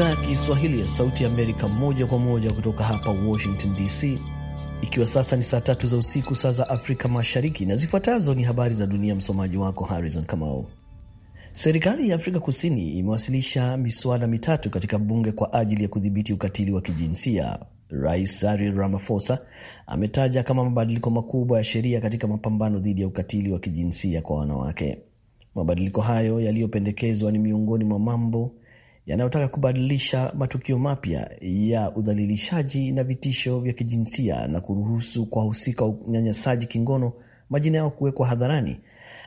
idhaa ya Kiswahili ya Sauti Amerika moja kwa moja kutoka hapa Washington DC, ikiwa sasa ni saa tatu za usiku, saa za Afrika Mashariki, na zifuatazo ni habari za dunia. Msomaji wako Harrison Kamau. Serikali ya Afrika Kusini imewasilisha miswada mitatu katika bunge kwa ajili ya kudhibiti ukatili wa kijinsia. Rais Cyril Ramaphosa ametaja kama mabadiliko makubwa ya sheria katika mapambano dhidi ya ukatili wa kijinsia kwa wanawake. Mabadiliko hayo yaliyopendekezwa ni miongoni mwa mambo yanayotaka kubadilisha matukio mapya ya udhalilishaji na vitisho vya kijinsia na kuruhusu kwa wahusika wa unyanyasaji kingono majina yao kuwekwa hadharani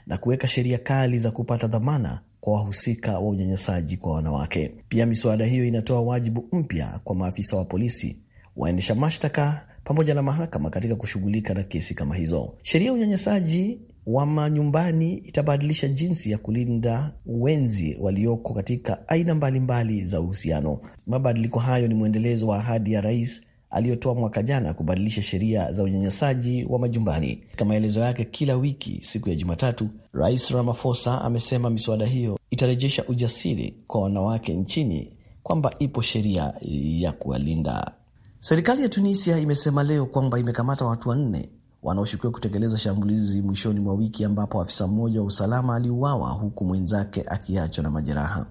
na kuweka sheria kali za kupata dhamana kwa wahusika wa unyanyasaji kwa wanawake. Pia miswada hiyo inatoa wajibu mpya kwa maafisa wa polisi, waendesha mashtaka pamoja na mahakama katika kushughulika na kesi kama hizo. Sheria ya unyanyasaji wa manyumbani itabadilisha jinsi ya kulinda wenzi walioko katika aina mbalimbali mbali za uhusiano. Mabadiliko hayo ni mwendelezo wa ahadi ya rais aliyotoa mwaka jana kubadilisha sheria za unyanyasaji wa majumbani. Katika maelezo yake kila wiki siku ya Jumatatu, Rais Ramaphosa amesema miswada hiyo itarejesha ujasiri kwa wanawake nchini kwamba ipo sheria ya kuwalinda. Serikali ya Tunisia imesema leo kwamba imekamata watu wanne wanaoshukiwa kutekeleza shambulizi mwishoni mwa wiki ambapo afisa mmoja wa usalama aliuawa huku mwenzake akiachwa na majeraha.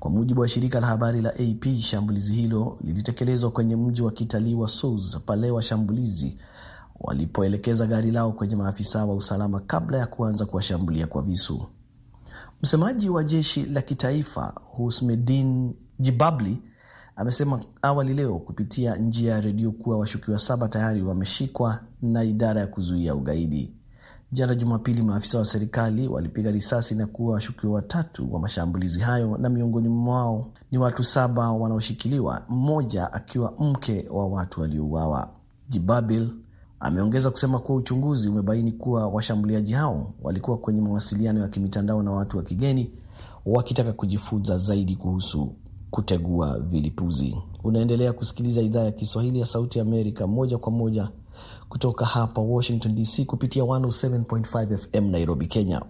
Kwa mujibu wa shirika la habari la AP, shambulizi hilo lilitekelezwa kwenye mji wa kitalii wa Sousse pale washambulizi walipoelekeza gari lao kwenye maafisa wa usalama kabla ya kuanza kuwashambulia kwa visu. Msemaji wa jeshi la kitaifa Husmedin Jibabli amesema awali leo kupitia njia ya redio kuwa washukiwa saba tayari wameshikwa na idara ya kuzuia ugaidi. Jana Jumapili, maafisa wa serikali walipiga risasi na kuwa washukiwa watatu wa mashambulizi hayo, na miongoni mwao ni watu saba wanaoshikiliwa, mmoja akiwa mke wa watu waliouawa. Jibabil ameongeza kusema kuwa uchunguzi umebaini kuwa washambuliaji hao walikuwa kwenye mawasiliano ya kimitandao na watu wa kigeni wakitaka kujifunza zaidi kuhusu kutegua vilipuzi. Unaendelea kusikiliza idhaa ya Kiswahili ya Sauti ya Amerika moja kwa moja kutoka hapa Washington DC kupitia 107.5 FM Nairobi, Kenya.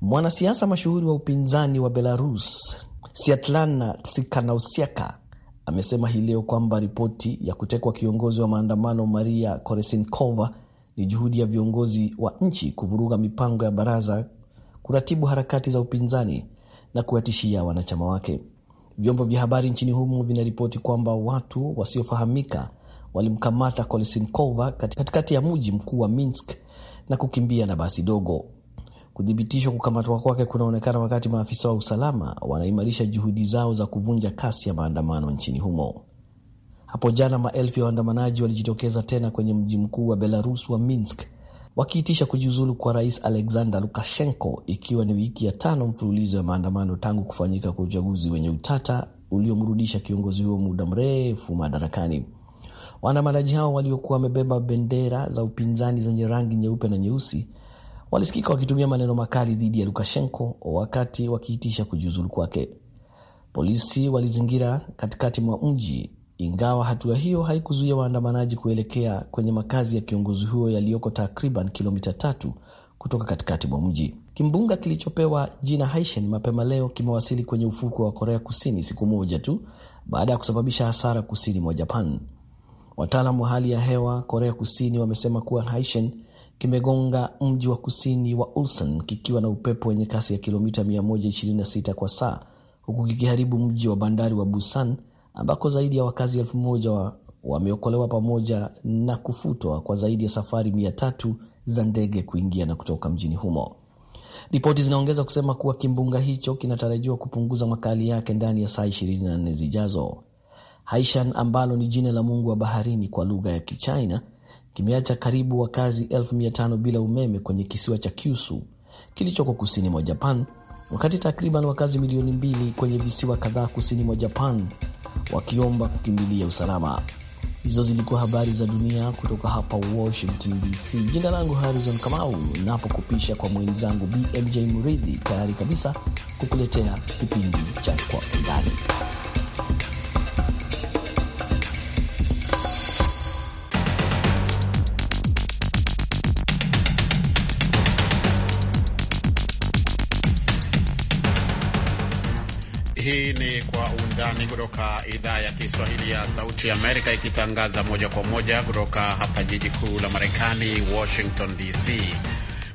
Mwanasiasa mashuhuri wa upinzani wa Belarus Siatlana sikanausiaka amesema hii leo kwamba ripoti ya kutekwa kiongozi wa maandamano Maria Koresinkova ni juhudi ya viongozi wa nchi kuvuruga mipango ya baraza kuratibu harakati za upinzani na kuwatishia wanachama wake. Vyombo vya habari nchini humo vinaripoti kwamba watu wasiofahamika walimkamata Kolesinkova katikati ya mji mkuu wa Minsk na kukimbia na basi dogo. Kuthibitishwa kukamatwa kwake kunaonekana wakati maafisa wa usalama wanaimarisha juhudi zao za kuvunja kasi ya maandamano nchini humo. Hapo jana maelfu ya waandamanaji walijitokeza tena kwenye mji mkuu wa Belarus wa Minsk wakiitisha kujiuzulu kwa Rais Alexander Lukashenko, ikiwa ni wiki ya tano mfululizo ya maandamano tangu kufanyika kwa uchaguzi wenye utata uliomrudisha kiongozi huo muda mrefu madarakani. Waandamanaji hao waliokuwa wamebeba bendera za upinzani zenye rangi nyeupe na nyeusi walisikika wakitumia maneno makali dhidi ya Lukashenko wakati wakiitisha kujiuzulu kwake. Polisi walizingira katikati mwa mji ingawa hatua hiyo haikuzuia waandamanaji kuelekea kwenye makazi ya kiongozi huyo yaliyoko takriban kilomita tatu kutoka katikati mwa mji. Kimbunga kilichopewa jina Haishen mapema leo kimewasili kwenye ufukwe wa Korea Kusini siku moja tu baada ya kusababisha hasara kusini mwa Japan. Wataalamu wa hali ya hewa Korea Kusini wamesema kuwa Haishen kimegonga mji wa kusini wa Ulsan kikiwa na upepo wenye kasi ya kilomita 126 kwa saa, huku kikiharibu mji wa bandari wa Busan ambako zaidi ya wakazi elfu moja wameokolewa pamoja na kufutwa kwa zaidi ya safari mia tatu za ndege kuingia na kutoka mjini humo. Ripoti zinaongeza kusema kuwa kimbunga hicho kinatarajiwa kupunguza makali yake ndani ya saa 24 zijazo. Haishan ambalo ni jina la Mungu wa baharini kwa lugha ya Kichina kimeacha karibu wakazi elfu mia tano bila umeme kwenye kisiwa cha Kyushu kilichoko kusini mwa Japan, wakati takriban wakazi milioni mbili kwenye visiwa kadhaa kusini mwa Japan wakiomba kukimbilia usalama. Hizo zilikuwa habari za dunia kutoka hapa Washington DC. Jina langu Harrison Kamau, napokupisha kwa mwenzangu BMJ Muridhi, tayari kabisa kukuletea kipindi cha Kwa Undani. Undani kutoka idhaa ya Kiswahili ya Sauti Amerika, ikitangaza moja kwa moja kutoka hapa jiji kuu la Marekani, Washington DC.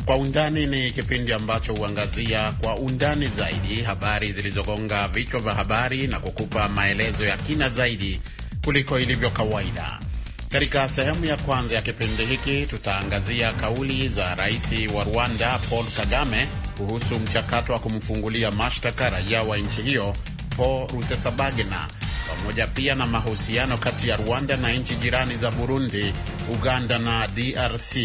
Kwa Undani ni kipindi ambacho huangazia kwa undani zaidi habari zilizogonga vichwa vya habari na kukupa maelezo ya kina zaidi kuliko ilivyo kawaida. Katika sehemu ya kwanza ya kipindi hiki tutaangazia kauli za rais wa Rwanda Paul Kagame kuhusu mchakato wa kumfungulia mashtaka raia wa nchi hiyo Paul Rusesabagina, pamoja pia na mahusiano kati ya Rwanda na nchi jirani za Burundi, Uganda na DRC.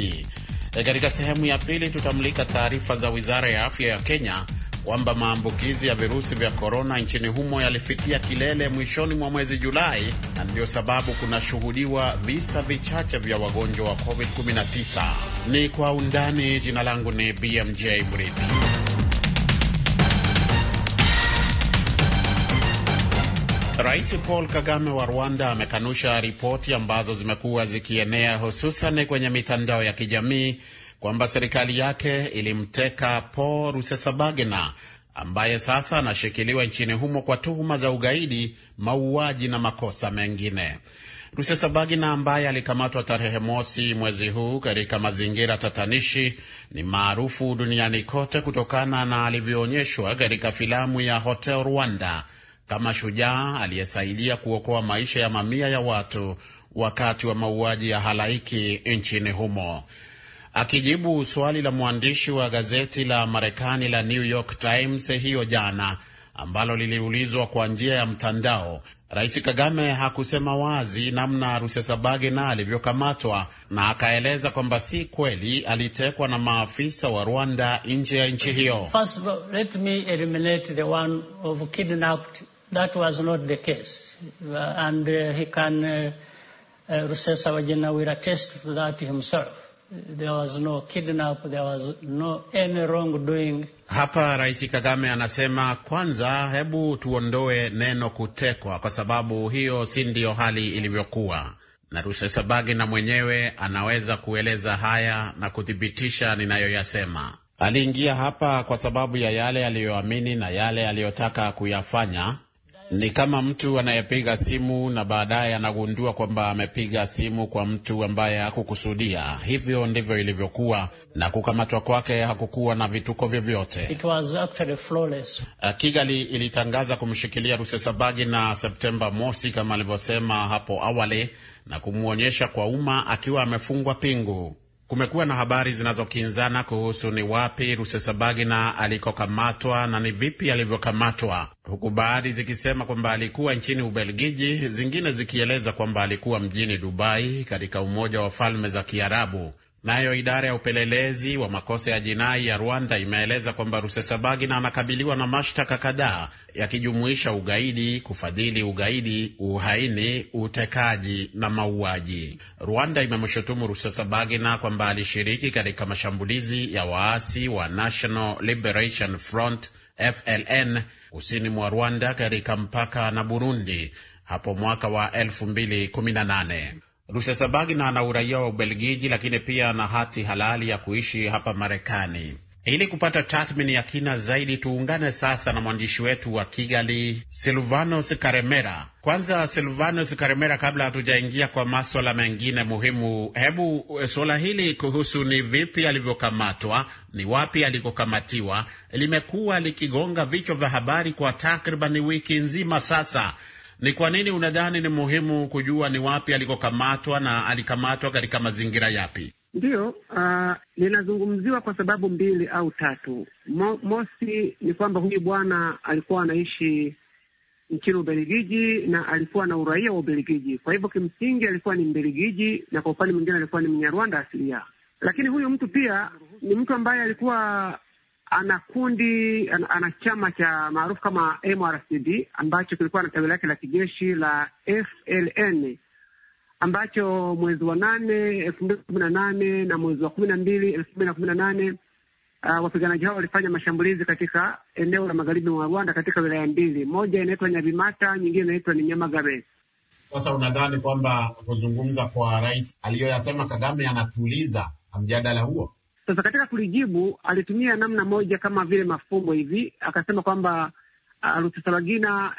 E, katika sehemu ya pili tutamulika taarifa za wizara ya afya ya Kenya kwamba maambukizi ya virusi vya korona nchini humo yalifikia kilele mwishoni mwa mwezi Julai, na ndiyo sababu kunashuhudiwa visa vichache vya wagonjwa wa COVID-19. Ni kwa undani. Jina langu ni BMJ Mridhi. Rais Paul Kagame wa Rwanda amekanusha ripoti ambazo zimekuwa zikienea hususan kwenye mitandao ya kijamii kwamba serikali yake ilimteka Paul Rusesabagina ambaye sasa anashikiliwa nchini humo kwa tuhuma za ugaidi, mauaji na makosa mengine. Rusesabagina ambaye alikamatwa tarehe mosi mwezi huu katika mazingira tatanishi, ni maarufu duniani kote kutokana na alivyoonyeshwa katika filamu ya Hotel Rwanda kama shujaa aliyesaidia kuokoa maisha ya mamia ya watu wakati wa mauaji ya halaiki nchini humo. Akijibu swali la mwandishi wa gazeti la Marekani la New York Times hiyo jana ambalo liliulizwa kwa njia ya mtandao, Rais Kagame hakusema wazi namna Rusesabagina alivyokamatwa na akaeleza kwamba si kweli alitekwa na maafisa wa Rwanda nje ya nchi hiyo. First, let me eliminate the one of kidnapped that was not the case. Uh, and uh, he can, uh, uh, Rusesabagina will attest to that himself. There was no kidnap, there was no any wrongdoing. Hapa Rais Kagame anasema kwanza, hebu tuondoe neno kutekwa, kwa sababu hiyo si ndiyo hali ilivyokuwa, na Rusesabagina mwenyewe anaweza kueleza haya na kuthibitisha ninayoyasema. Aliingia hapa kwa sababu ya yale aliyoamini na yale aliyotaka kuyafanya ni kama mtu anayepiga simu na baadaye anagundua kwamba amepiga simu kwa mtu ambaye hakukusudia. Hivyo ndivyo ilivyokuwa, na kukamatwa kwake hakukuwa na vituko vyovyote. Uh, Kigali ilitangaza kumshikilia Rusesabagi na Septemba mosi kama alivyosema hapo awali, na kumwonyesha kwa umma akiwa amefungwa pingu. Kumekuwa na habari zinazokinzana kuhusu ni wapi Rusesabagina alikokamatwa na ni vipi alivyokamatwa, huku baadhi zikisema kwamba alikuwa nchini Ubelgiji, zingine zikieleza kwamba alikuwa mjini Dubai katika Umoja wa Falme za Kiarabu. Nayo idara ya upelelezi wa makosa ya jinai ya Rwanda imeeleza kwamba Rusesabagina anakabiliwa na mashtaka kadhaa yakijumuisha ugaidi, kufadhili ugaidi, uhaini, utekaji na mauaji. Rwanda imemshutumu Rusesabagina kwamba alishiriki katika mashambulizi ya waasi wa National Liberation Front FLN kusini mwa Rwanda katika mpaka na Burundi hapo mwaka wa 2018. Rusesabagina ana uraia wa Ubelgiji, lakini pia ana hati halali ya kuishi hapa Marekani. Ili kupata tathmini ya kina zaidi, tuungane sasa na mwandishi wetu wa Kigali, Silvanos Karemera. Kwanza Silvanos Karemera, kabla hatujaingia kwa maswala mengine muhimu, hebu eh, suala hili kuhusu ni vipi alivyokamatwa, ni wapi alikokamatiwa, limekuwa likigonga vichwa vya habari kwa takribani wiki nzima sasa. Ni kwa nini unadhani ni muhimu kujua ni wapi alikokamatwa na alikamatwa katika mazingira yapi? Ndiyo, uh, ah, linazungumziwa kwa sababu mbili au tatu. Mo, mosi ni kwamba huyu bwana alikuwa anaishi nchini Ubelgiji na alikuwa na uraia wa Ubelgiji, kwa hivyo kimsingi alikuwa ni Mbelgiji na kwa upande mwingine alikuwa ni Mnyarwanda asilia. Lakini huyu mtu pia ni mtu ambaye alikuwa ana kundi ana chama cha maarufu kama MRCD ambacho kilikuwa na tawi lake la kijeshi la FLN ambacho mwezi wa nane elfu mbili kumi na nane na mwezi wa kumi na mbili elfu mbili na kumi na nane uh, wapiganaji hao walifanya mashambulizi katika eneo la magharibi mwa Rwanda katika wilaya mbili, moja inaitwa Nyabimata, nyingine inaitwa ni Nyamagabe. Sasa unadhani kwamba kuzungumza kwa rais aliyoyasema Kagame anatuliza mjadala huo? Sasa katika kulijibu alitumia namna moja kama vile mafumbo hivi, akasema kwamba uh,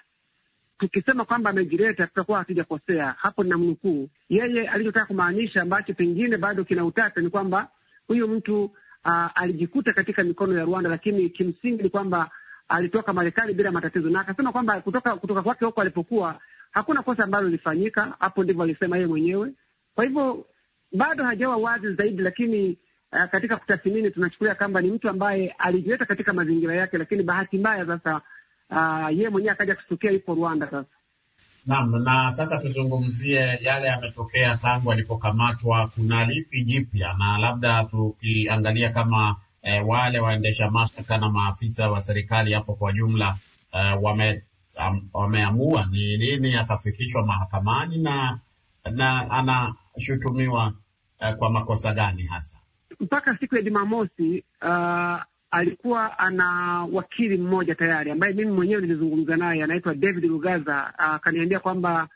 tukisema kwamba amejileta tutakuwa hatujakosea. Hapo mnukuu yeye, alichotaka kumaanisha ambacho pengine bado kina utata ni kwamba huyu mtu uh, alijikuta katika mikono ya Rwanda, lakini kimsingi ni kwamba alitoka Marekani bila matatizo, na akasema kwamba kutoka kutoka kwake huko alipokuwa hakuna kosa ambalo lilifanyika. Hapo ndivyo alisema yeye mwenyewe. Kwa hivyo bado hajawa wazi zaidi, lakini uh, katika kutathmini tunachukulia kwamba ni mtu ambaye alijiweka katika mazingira yake, lakini bahati mbaya sasa uh, yeye mwenyewe akaja kustukia yupo Rwanda sasa. Naam, na sasa tuzungumzie yale yametokea tangu alipokamatwa. Kuna lipi jipya? Na labda tukiangalia kama eh, wale waendesha mashtaka na maafisa wa serikali hapo kwa jumla eh, wame um, wameamua ni nini atafikishwa mahakamani na na anashutumiwa eh, kwa makosa gani hasa? mpaka siku ya Jumamosi uh, alikuwa ana wakili mmoja tayari ambaye mimi mwenyewe nilizungumza naye, anaitwa David Lugaza. Uh, akaniambia uh, kwamba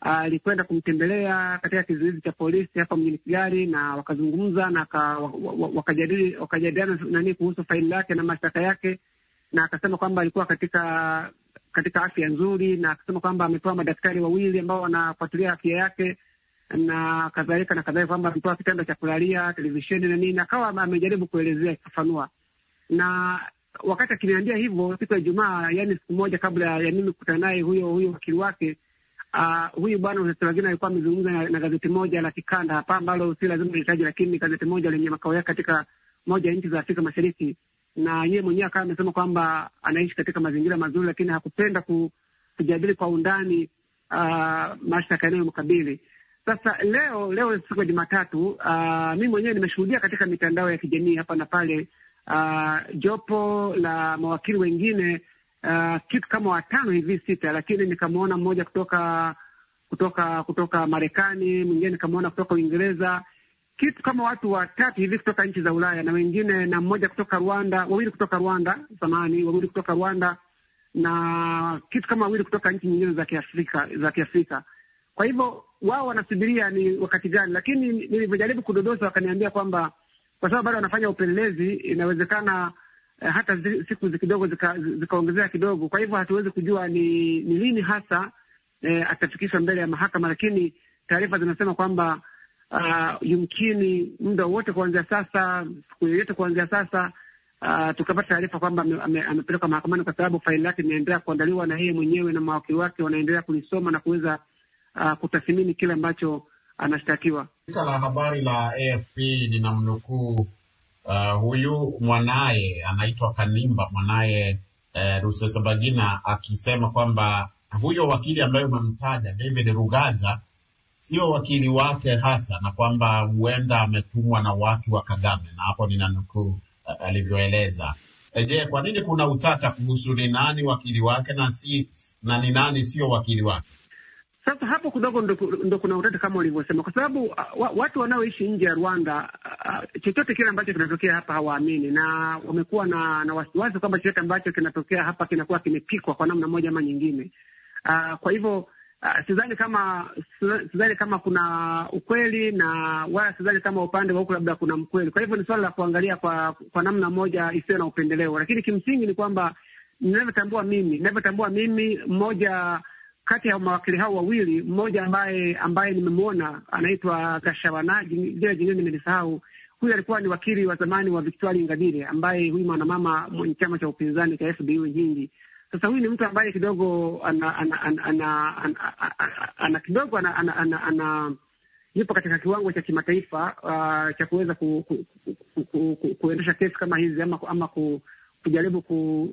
alikwenda uh, kumtembelea katika kizuizi cha polisi hapa mjini Kigali, na wakazungumza na wakajadiliana wakajadiliana nani kuhusu faili lake na mashtaka yake, na akasema kwamba alikuwa katika katika afya nzuri, na akasema kwamba amepewa madaktari wawili ambao wanafuatilia afya yake na kadhalika na kadhalika, kwamba alipewa kitanda cha kulalia, televisheni na nini, akawa amejaribu kuelezea kifafanua. Na wakati akiniambia hivyo siku ya Ijumaa, yani siku moja kabla ya mimi kukutana naye, huyo huyo wakili wake uh, huyu bwana Uselagina alikuwa amezungumza na, na gazeti moja la kikanda hapa ambalo si lazima nilitaje, lakini gazeti moja lenye makao yake katika moja ya nchi za Afrika Mashariki, na yeye mwenyewe akawa amesema kwamba anaishi katika mazingira mazuri, lakini hakupenda ku, kujadili kwa undani uh, mashtaka yanayomkabili sasa leo leo siku ya Jumatatu, uh, mi mwenyewe nimeshuhudia katika mitandao ya kijamii hapa na pale, uh, jopo la mawakili wengine Uh, kitu kama watano hivi sita, lakini nikamwona mmoja kutoka kutoka kutoka Marekani, mwingine nikamwona kutoka Uingereza, kitu kama watu watatu hivi kutoka nchi za Ulaya na wengine na mmoja kutoka Rwanda, wawili kutoka Rwanda, zamani wawili kutoka Rwanda na kitu kama wawili kutoka nchi nyingine za Kiafrika za Kiafrika. Kwa hivyo wao wanasubiria ni wakati gani, lakini nilivyojaribu kudodosa, wakaniambia kwamba kwa sababu bado wanafanya upelelezi, inawezekana eh, hata zi, siku kidogo zikaongezea zika kidogo. Kwa hivyo hatuwezi kujua ni, ni lini hasa eh, atafikishwa mbele ya mahakama, lakini taarifa zinasema kwamba uh, yumkini muda wowote kuanzia sasa, siku yoyote kuanzia sasa uh, tukapata taarifa kwamba amepelekwa mahakamani, kwa sababu faili yake inaendelea kuandaliwa na yeye mwenyewe na mawakili wake wanaendelea kulisoma na kuweza uh, kutathimini kile ambacho anashtakiwa. Shirika la habari la AFP linamnukuu uh, huyu mwanaye anaitwa Kanimba, mwanaye uh, Rusesabagina akisema kwamba huyo wakili ambaye umemtaja David Rugaza sio wakili wake hasa, na kwamba huenda ametumwa na watu wa Kagame, na hapo ninanukuu uh, alivyoeleza. E, je, kwa nini kuna utata kuhusu ni nani wakili wake na si na ni nani sio wakili wake? Sasa hapo kidogo ndo kuna utata kama ulivyosema, kwa sababu uh, watu wanaoishi nje ya Rwanda uh, chochote kile ambacho kinatokea hapa hawaamini, na wamekuwa na, na wasiwasi kwamba chochote ambacho kinatokea hapa kinakuwa kimepikwa kwa namna moja ama nyingine. Uh, kwa hivyo uh, sidhani kama sidhani kama kuna ukweli na wala sidhani kama upande wa huku labda kuna mkweli. Kwa hivyo ni suala la kuangalia kwa, kwa namna moja isiyo na upendeleo, lakini kimsingi ni kwamba ninavyotambua mimi ninavyotambua mimi mmoja kati ya mawakili hao wawili, mmoja ambaye ambaye nimemwona anaitwa Gashawana, jina jingine nimelisahau. Huyu alikuwa ni wakili wa zamani wa Victoire Ingabire, ambaye huyu mwanamama mwenye chama cha upinzani cha fbu nyingi. Sasa huyu ni mtu ambaye kidogo ana ana ana ana, ana, ana, ana kidogo ana, ana, ana, ana yupo katika kiwango cha kimataifa uh, cha kuweza ku, ku, ku, ku, ku, ku, kuendesha kesi kama hizi ama, ama ku, kujaribu ku,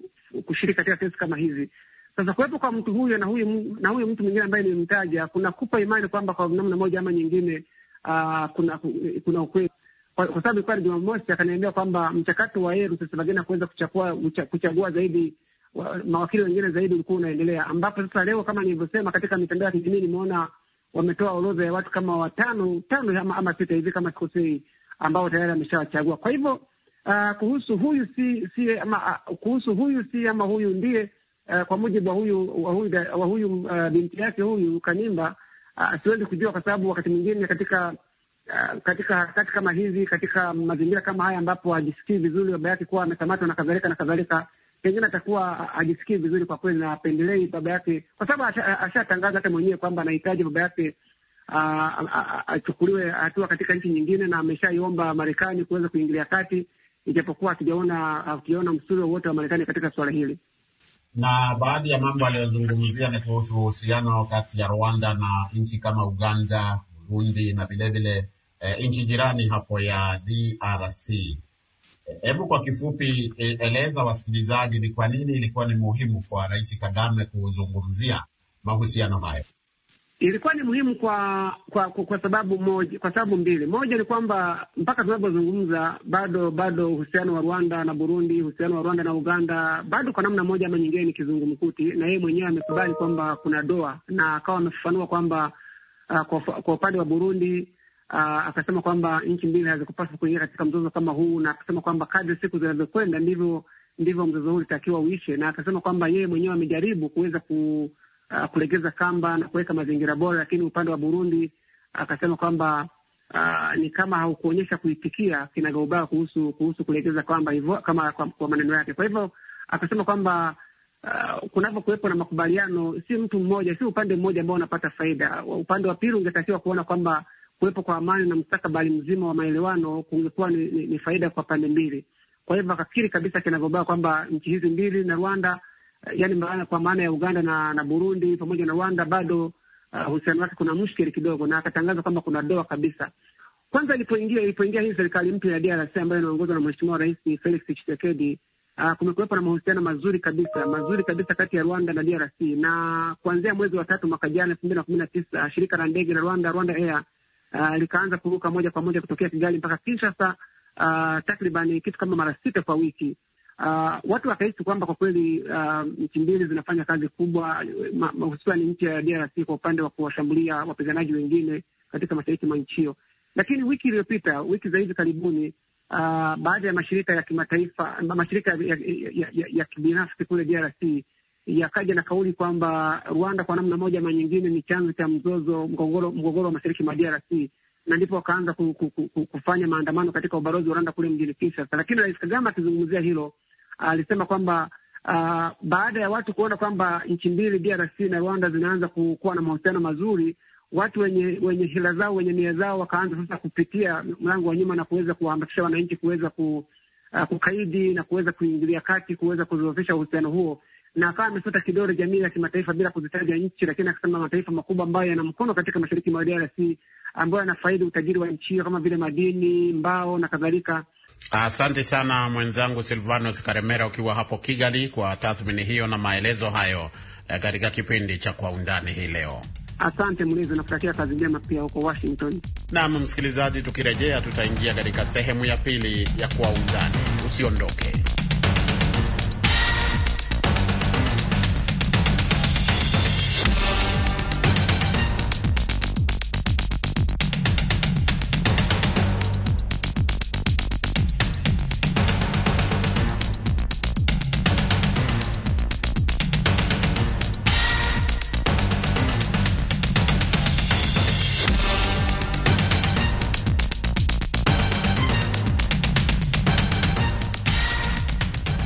kushiriki katika kesi kama hizi. Sasa kuwepo kwa mtu huyo na huyu na huyu mtu mwingine ambaye nimemtaja kupa imani kwamba kwa namna moja ama nyingine, uh, kuna kuna ukweli kwa, kwa sababu ilikuwa ni Jumamosi akaniambia kwamba mchakato wa yeye Rusesabagina kuweza kuchagua kuchagua zaidi wa, mawakili wengine zaidi ulikuwa unaendelea, ambapo sasa leo kama nilivyosema katika mitandao ya kijamii nimeona wametoa orodha ya watu kama watano tano ama, ama sita hivi kama sikosei, ambao tayari ameshawachagua. Kwa hivyo uh, kuhusu huyu si si ama uh, kuhusu huyu si ama huyu ndiye Eh, kwa mujibu wa huyu wa huyu, wa huyu uh, binti yake huyu Kanimba uh, siwezi kujua kwa sababu wakati mwingine katika uh, katika harakati kama hizi, katika mazingira kama haya ambapo hajisikii vizuri, baba yake kuwa amekamatwa na kadhalika na kadhalika, pengine atakuwa hajisikii vizuri kwa kweli, na apendelei baba yake, kwa sababu ashatangaza hata mwenyewe kwamba anahitaji baba yake ah, ah, achukuliwe hatua katika nchi nyingine, na ameshaiomba Marekani kuweza kuingilia kati, ijapokuwa akijaona hatujaona msuri wowote wa Marekani katika suala hili na baadhi ya mambo aliyozungumzia ni kuhusu uhusiano kati ya Rwanda na nchi kama Uganda, Burundi na vilevile e, eh, nchi jirani hapo ya DRC. Hebu kwa kifupi e, eleza wasikilizaji ni kwa nini ilikuwa ni muhimu kwa Rais Kagame kuzungumzia mahusiano hayo ilikuwa ni muhimu kwa kwa, kwa, kwa sababu moja, kwa sababu mbili. Moja ni kwamba mpaka tunavyozungumza bado bado uhusiano wa Rwanda na Burundi, uhusiano wa Rwanda na Uganda bado kwa namna moja ama nyingine ni kizungumkuti, na yeye mwenyewe amekubali kwamba kuna doa, na akawa amefafanua kwamba uh, kwa, kwa upande wa Burundi uh, akasema kwamba nchi mbili hazikupaswa kuingia katika mzozo kama huu, na akasema kwamba kadri siku zinavyokwenda ndivyo ndivyo mzozo huu litakiwa uishe, na akasema kwamba yeye mwenyewe amejaribu kuweza ku uh, kulegeza kamba na kuweka mazingira bora, lakini upande wa Burundi uh, akasema uh, kwamba uh, ni kama haukuonyesha kuitikia kinagaubaga kuhusu kuhusu kulegeza kamba hivyo kama kwa, kwa maneno yake. Kwa hivyo akasema kwamba uh, kunapokuwepo na makubaliano, si mtu mmoja, si upande mmoja ambao unapata faida. Upande wa pili ungetakiwa kuona kwamba kuwepo kwa amani na mstakabali mzima wa maelewano kungekuwa ni, ni, ni faida kwa pande mbili. Kwa hivyo akakiri kabisa kinagaubaga kwamba nchi hizi mbili na Rwanda Eh, yani maana, kwa maana ya Uganda na, na Burundi pamoja na Rwanda bado eh, uhusiano wake kuna mushkili kidogo, na akatangaza kwamba kuna doa kabisa. Kwanza ilipoingia ilipoingia hii serikali mpya ya DRC ambayo inaongozwa na mheshimiwa Rais Felix Tshisekedi, uh, kumekuwepo na mahusiano mazuri kabisa mazuri kabisa kati ya Rwanda na DRC, na kuanzia mwezi wa tatu mwaka jana elfu mbili na kumi na tisa shirika la ndege la Rwanda Rwanda Air uh, likaanza kuruka moja kwa moja kutokea Kigali mpaka Kinshasa, uh, takriban kitu kama mara sita kwa wiki Uh, watu wakahisi kwamba kwa kweli uh, nchi uh, mbili zinafanya kazi kubwa, hususani nchi ya DRC kwa upande wa kuwashambulia wapiganaji wengine katika mashariki mwa nchi hiyo. Lakini wiki iliyopita, wiki za hivi karibuni, uh, baadhi ya mashirika ya kimataifa, mashirika ya, ya, ya, ya kibinafsi kule DRC yakaja na kauli kwamba Rwanda kwa namna moja ama nyingine ni chanzo cha mzozo, mgogoro wa mashariki mwa DRC na ndipo wakaanza kufanya maandamano katika ubalozi wa Rwanda kule mjini Kinshasa, lakini Rais Kagame akizungumzia hilo alisema kwamba uh, baada ya watu kuona kwamba nchi mbili DRC na Rwanda zinaanza kuwa na mahusiano mazuri, watu wenye wenye hila zao wenye nia zao wakaanza sasa kupitia mlango wa nyuma na kuweza kuwahamasisha wananchi kuweza ku, uh, kukaidi na kuweza kuingilia kati kuweza kuzoofisha uhusiano huo na akawa amefuta kidole jamii ya kimataifa bila kuzitaja nchi, lakini akasema mataifa makubwa ambayo yana mkono katika mashariki mwa DRC ambayo yanafaidi utajiri wa nchi hiyo kama vile madini, mbao na kadhalika, Asante sana mwenzangu Silvanos Karemera ukiwa hapo Kigali kwa tathmini hiyo na maelezo hayo eh, katika kipindi cha Kwa Undani hii leo. Asante Mlezi, nakutakia kazi njema pia huko Washington. Naam msikilizaji, tukirejea tutaingia katika sehemu ya pili ya Kwa Undani. Usiondoke.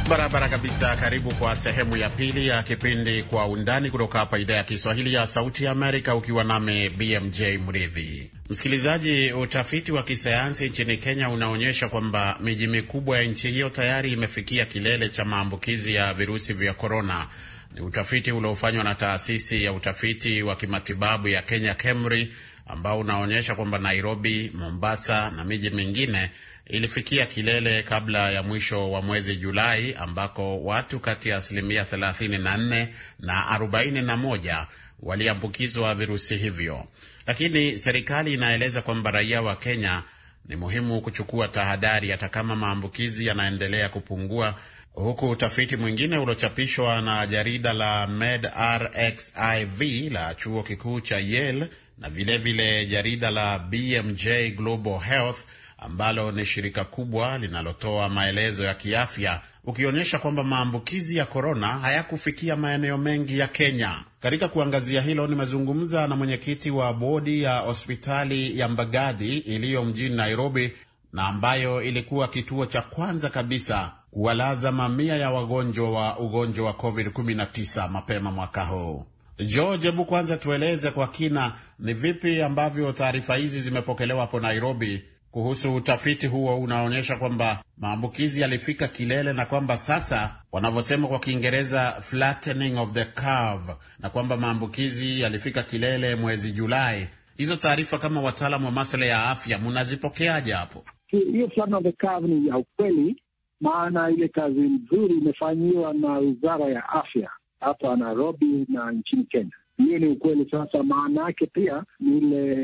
Barabara kabisa. Karibu kwa sehemu ya pili ya kipindi Kwa Undani kutoka hapa idhaa ya Kiswahili ya Sauti ya Amerika, ukiwa nami BMJ Mridhi. Msikilizaji, utafiti wa kisayansi nchini Kenya unaonyesha kwamba miji mikubwa ya nchi hiyo tayari imefikia kilele cha maambukizi ya virusi vya korona. Ni utafiti uliofanywa na taasisi ya utafiti wa kimatibabu ya Kenya KEMRI, ambao unaonyesha kwamba Nairobi, Mombasa na miji mingine ilifikia kilele kabla ya mwisho wa mwezi Julai ambako watu kati ya asilimia 34 na 41 waliambukizwa virusi hivyo. Lakini serikali inaeleza kwamba raia wa Kenya ni muhimu kuchukua tahadhari hata kama maambukizi yanaendelea kupungua, huku utafiti mwingine uliochapishwa na jarida la MedRxiv la chuo kikuu cha Yale na vilevile vile jarida la BMJ Global Health ambalo ni shirika kubwa linalotoa maelezo ya kiafya ukionyesha kwamba maambukizi ya korona hayakufikia maeneo mengi ya Kenya. Katika kuangazia hilo, nimezungumza na mwenyekiti wa bodi ya hospitali ya Mbagathi iliyo mjini Nairobi na ambayo ilikuwa kituo cha kwanza kabisa kuwalaza mamia ya wagonjwa wa ugonjwa wa COVID-19 mapema mwaka huu. George, hebu kwanza tueleze kwa kina ni vipi ambavyo taarifa hizi zimepokelewa hapo Nairobi kuhusu utafiti huo unaonyesha kwamba maambukizi yalifika kilele na kwamba sasa wanavyosema kwa Kiingereza flattening of the curve, na kwamba maambukizi yalifika kilele mwezi Julai. Hizo taarifa kama wataalam wa masuala ya afya mnazipokeaje hapo? Hiyo flattening of the curve ni ya ukweli, maana ile kazi nzuri imefanyiwa na wizara ya afya hapa Nairobi na nchini Kenya. Hiyo ni ukweli. Sasa maana yake pia ni ile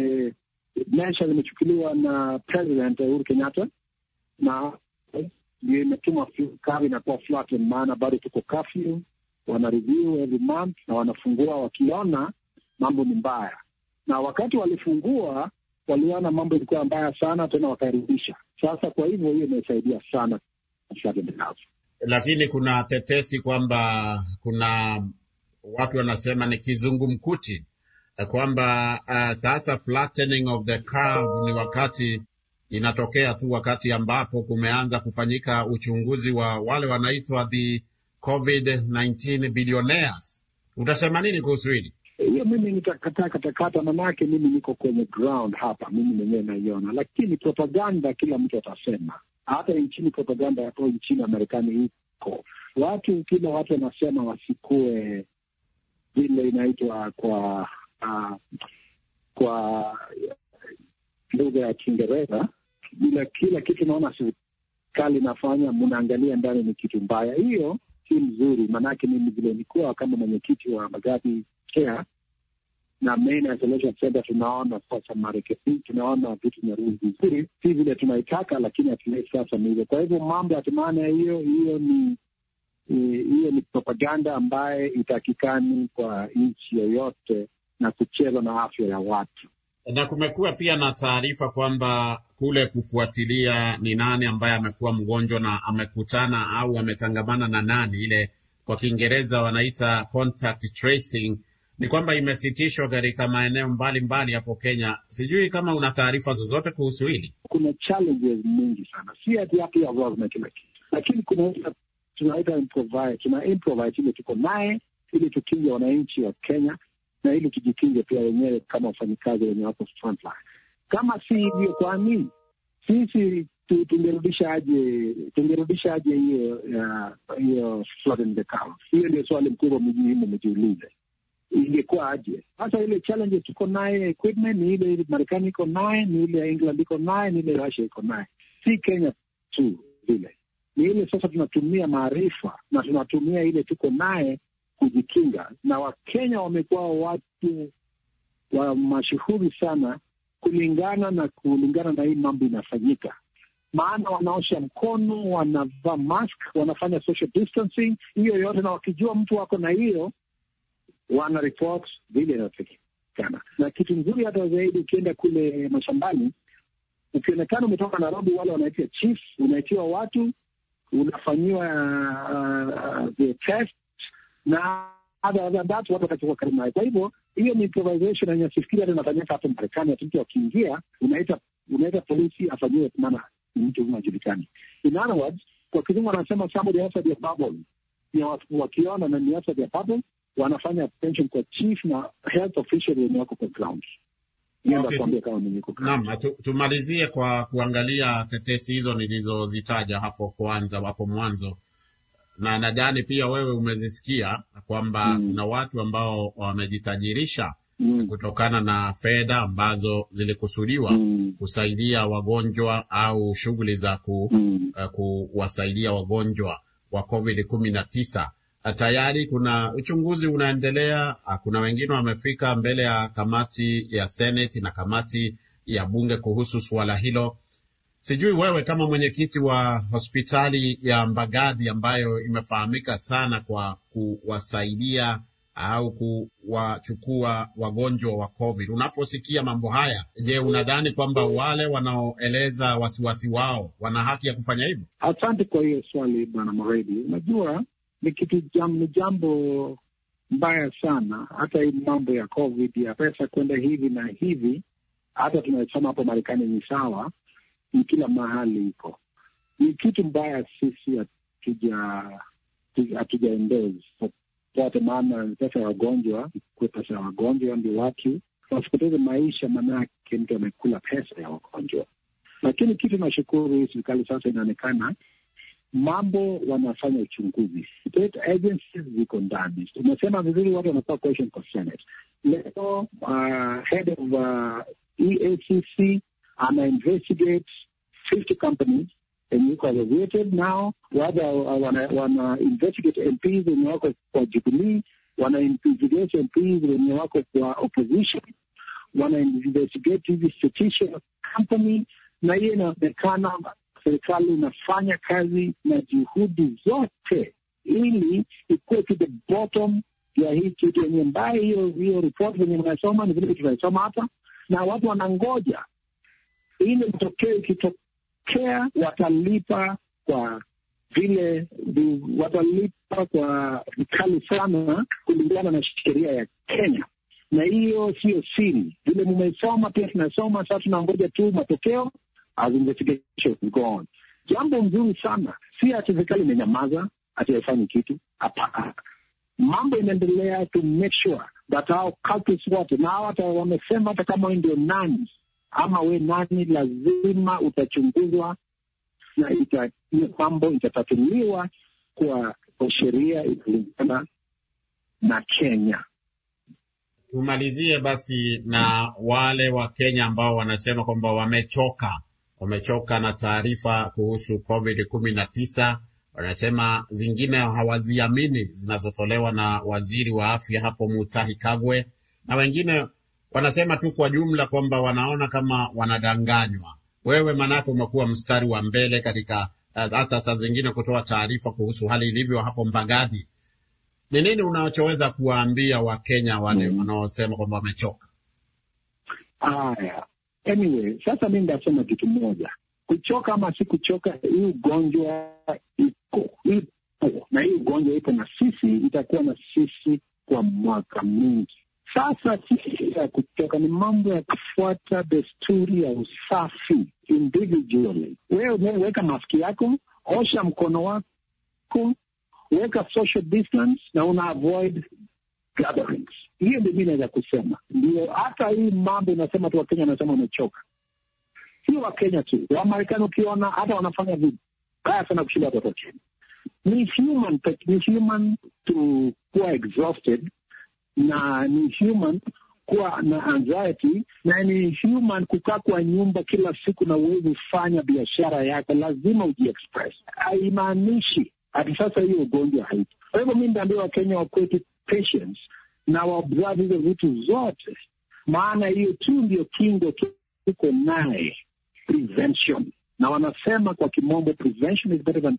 Mesha limechukuliwa na President Uhuru Kenyatta na ndio eh, imetuma kavi inakuwa maana bado tuko kafyu, wana review every month na wanafungua wakiona mambo ni mbaya. Na wakati walifungua waliona mambo ilikuwa mbaya sana, tena wakarudisha. Sasa kwa hivyo hiyo imesaidia sana. Lakini kuna tetesi kwamba kuna watu wanasema ni kizungumkuti Eh, kwamba uh, sasa flattening of the curve ni wakati inatokea tu wakati ambapo kumeanza kufanyika uchunguzi wa wale wanaitwa the COVID-19 billionaires. Utasema nini kuhusu hili? Hiyo mimi nitakataa katakata, manake mimi niko kwenye ground hapa, mimi mwenyewe naiona, lakini propaganda kila mtu atasema, hata nchini propaganda yako nchini Marekani iko watu, kila watu wanasema wasikue vile inaitwa kwa uh, kwa lugha ya Kiingereza bila kila kitu naona serikali inafanya, mnaangalia ndani ni kitu mbaya. Hiyo si mzuri, maanake mimi vile nikuwa kama mwenyekiti wa Magadi Care na Main Isolation Center, tunaona sasa marekebi, tunaona vitu vinarudi vizuri, si vile tunaitaka, lakini atulei sasa ni hivyo. Kwa hivyo mambo tumaana hiyo hiyo ni hiyo ni propaganda ambaye itakikani kwa nchi yoyote na kucheza na afya ya watu. Na kumekuwa pia na taarifa kwamba kule kufuatilia ni nani ambaye amekuwa mgonjwa na amekutana au ametangamana na nani, ile kwa Kiingereza wanaita contact tracing, ni kwamba imesitishwa katika maeneo mbalimbali hapo Kenya. Sijui kama una taarifa zozote kuhusu hili. Kuna challenges nyingi sana, si ati hapo ya kila kitu, lakini kuna tunaita improvise, tuna improvise ile tuko naye ili tukija wananchi wa Kenya na ili tujikinge pia wenyewe kama wafanyikazi wenye wako frontline. Kama si hivyo, kwa nini sisi tungerudisha aje, tungerudisha aje hiyo hiyo Hiyo ndio swali mkubwa muhimu, mjiulize ingekuwa aje. Sasa ile challenge tuko naye equipment ni ile Marekani iko naye, ni ile England iko naye, ni ile Russia iko naye, si Kenya tu vile. Ni ile sasa tunatumia maarifa na tunatumia ile tuko naye kujikinga, na Wakenya wamekuwa watu wa mashuhuri sana kulingana na kulingana na hii mambo inafanyika, maana wanaosha mkono, wanavaa mask, wanafanya social distancing hiyo yote, na wakijua mtu wako na hiyo wana report vile inatakikana. Na kitu nzuri hata zaidi, ukienda kule mashambani, ukionekana umetoka Nairobi, wale wanaitia chief, unaitiwa watu unafanyiwa uh, uh, the test na watu watachukua karibu naye. Kwa hivyo hiyo ni improvisation yenye sifikiri hata inafanyika hapo Marekani. Watoto wakiingia, unaita unaita polisi afanyiwe, maana ni mtu huyu hajulikani. In other words, kwa kizungu wanasema somebody outside the bubble, ya wakiona na ni outside the bubble, wanafanya attention kwa chief na health official wenye wako kwa ground. Okay, tu, tumalizie kwa kuangalia tetesi hizo nilizozitaja hapo kwanza hapo mwanzo na nadhani pia wewe umezisikia kwamba mm. kuna mm. watu ambao wamejitajirisha mm. kutokana na fedha ambazo zilikusudiwa mm. kusaidia wagonjwa au shughuli za ku, mm. uh, kuwasaidia wagonjwa wa COVID kumi eh, na tisa. Tayari kuna uchunguzi unaendelea. Eh, kuna wengine wamefika mbele ya kamati ya Seneti na kamati ya bunge kuhusu suala hilo. Sijui wewe kama mwenyekiti wa hospitali ya mbagadhi ambayo imefahamika sana kwa kuwasaidia au kuwachukua wagonjwa wa COVID, unaposikia mambo haya, je, unadhani kwamba wale wanaoeleza wasiwasi wao wana haki ya kufanya hivyo? Asante kwa hiyo swali bwana Mredi. Unajua ni kitu jam, ni jambo mbaya sana, hata hii mambo ya COVID ya pesa kwenda hivi na hivi, hata tunasema hapo Marekani ni sawa kila mahali iko. Ni kitu mbaya, sisi hatujaendezi pate, maana pesa ya wagonjwa, kue pesa ya wagonjwa ndio watu wasipoteze maisha, maanake mtu amekula pesa ya wagonjwa. Lakini kitu nashukuru hii serikali sasa inaonekana mambo wanafanya uchunguzi, state agencies ziko ndani. Umesema vizuri, watu wanatoa question kwa Senate leo. Uh, head of uh, EACC ana investigate 50 companies yenye iko associated nao, labda wana, wana investigate MPs wenye wako kwa Jubilee, wana investigate MPs wenye wako kwa opposition, wana investigate hizi institutional company, na hiyo inaonekana serikali inafanya kazi na juhudi zote ili ikuwe to the bottom ya hii kitu yenye mbaya. Hiyo hiyo ripoti venye mnasoma ni vile tunaisoma hapa, na watu wanangoja ile mtokeo ikitokea, watalipa kwa vile watalipa kwa vikali sana, kulingana na sheria ya Kenya. Na hiyo siyo siri, vile mumesoma pia tunasoma. Sasa tunangoja tu matokeo as investigation go on. Jambo mzuri sana, si ati serikali imenyamaza, ati haifanyi kitu. Hapana, mambo inaendelea to make sure that hao cultists wote na hawa wamesema, hata kama ndio nani ama we nani, lazima utachunguzwa na ita, hiyo mambo itatatuliwa kwa, kwa sheria inalingana na Kenya. Tumalizie basi na wale wa Kenya ambao wanasema kwamba wamechoka, wamechoka na taarifa kuhusu COVID kumi na tisa. Wanasema zingine hawaziamini zinazotolewa na waziri wa afya hapo Mutahi Kagwe, na wengine wanasema tu kwa jumla kwamba wanaona kama wanadanganywa. Wewe manake umekuwa mstari wa mbele katika eh, hata saa zingine kutoa taarifa kuhusu hali ilivyo hapo Mbagadi. Ni nini unachoweza kuwaambia Wakenya wale mm. wanaosema kwamba wamechoka? Haya, anyway, sasa mi ndasema kitu moja, kuchoka ama si kuchoka, hii ugonjwa iko ipo, na hii ugonjwa ipo na sisi, itakuwa na sisi kwa mwaka mingi sasa sisi ya kutoka ni mambo ya kufuata desturi ya usafi individually. Wewe maski yako, osha mkono wako, weka social distance na una avoid gatherings. Hiyo ndio mi naweza kusema, ndio hata hii mambo inasema tu Wakenya wanasema wamechoka. Sio Wakenya tu, Wamarekani ukiona hata wanafanya vibaya sana kushinda watoto chini. Ni human, ni human to kuwa exhausted na ni human kuwa na anxiety na ni human kukaa kwa nyumba kila siku na uwezi fanya biashara yako, lazima ujiexpress. Haimaanishi hati sasa hiyo ugonjwa haipo. Kwa hivyo mi ndaambia Wakenya wakwetu patience na waobserve hizo vitu zote, maana hiyo tu ndio kingo tuko naye, prevention. Na wanasema kwa kimombo, prevention is better than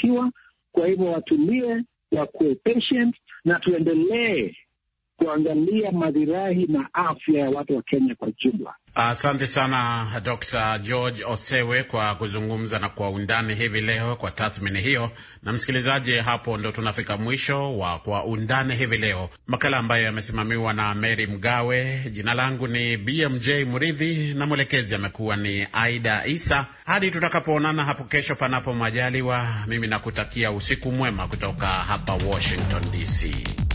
cure. Kwa hivyo watulie, wakuwe patient na tuendelee kuangalia madhirahi na afya ya watu wa Kenya kwa jumla. Asante sana Dr. George Osewe kwa kuzungumza na kwa undani hivi leo kwa tathmini hiyo. Na msikilizaji, hapo ndo tunafika mwisho wa kwa undani hivi leo, makala ambayo yamesimamiwa na Mary Mgawe. Jina langu ni BMJ Muridhi na mwelekezi amekuwa ni Aida Isa. Hadi tutakapoonana hapo kesho, panapo majaliwa, mimi nakutakia usiku mwema kutoka hapa Washington DC.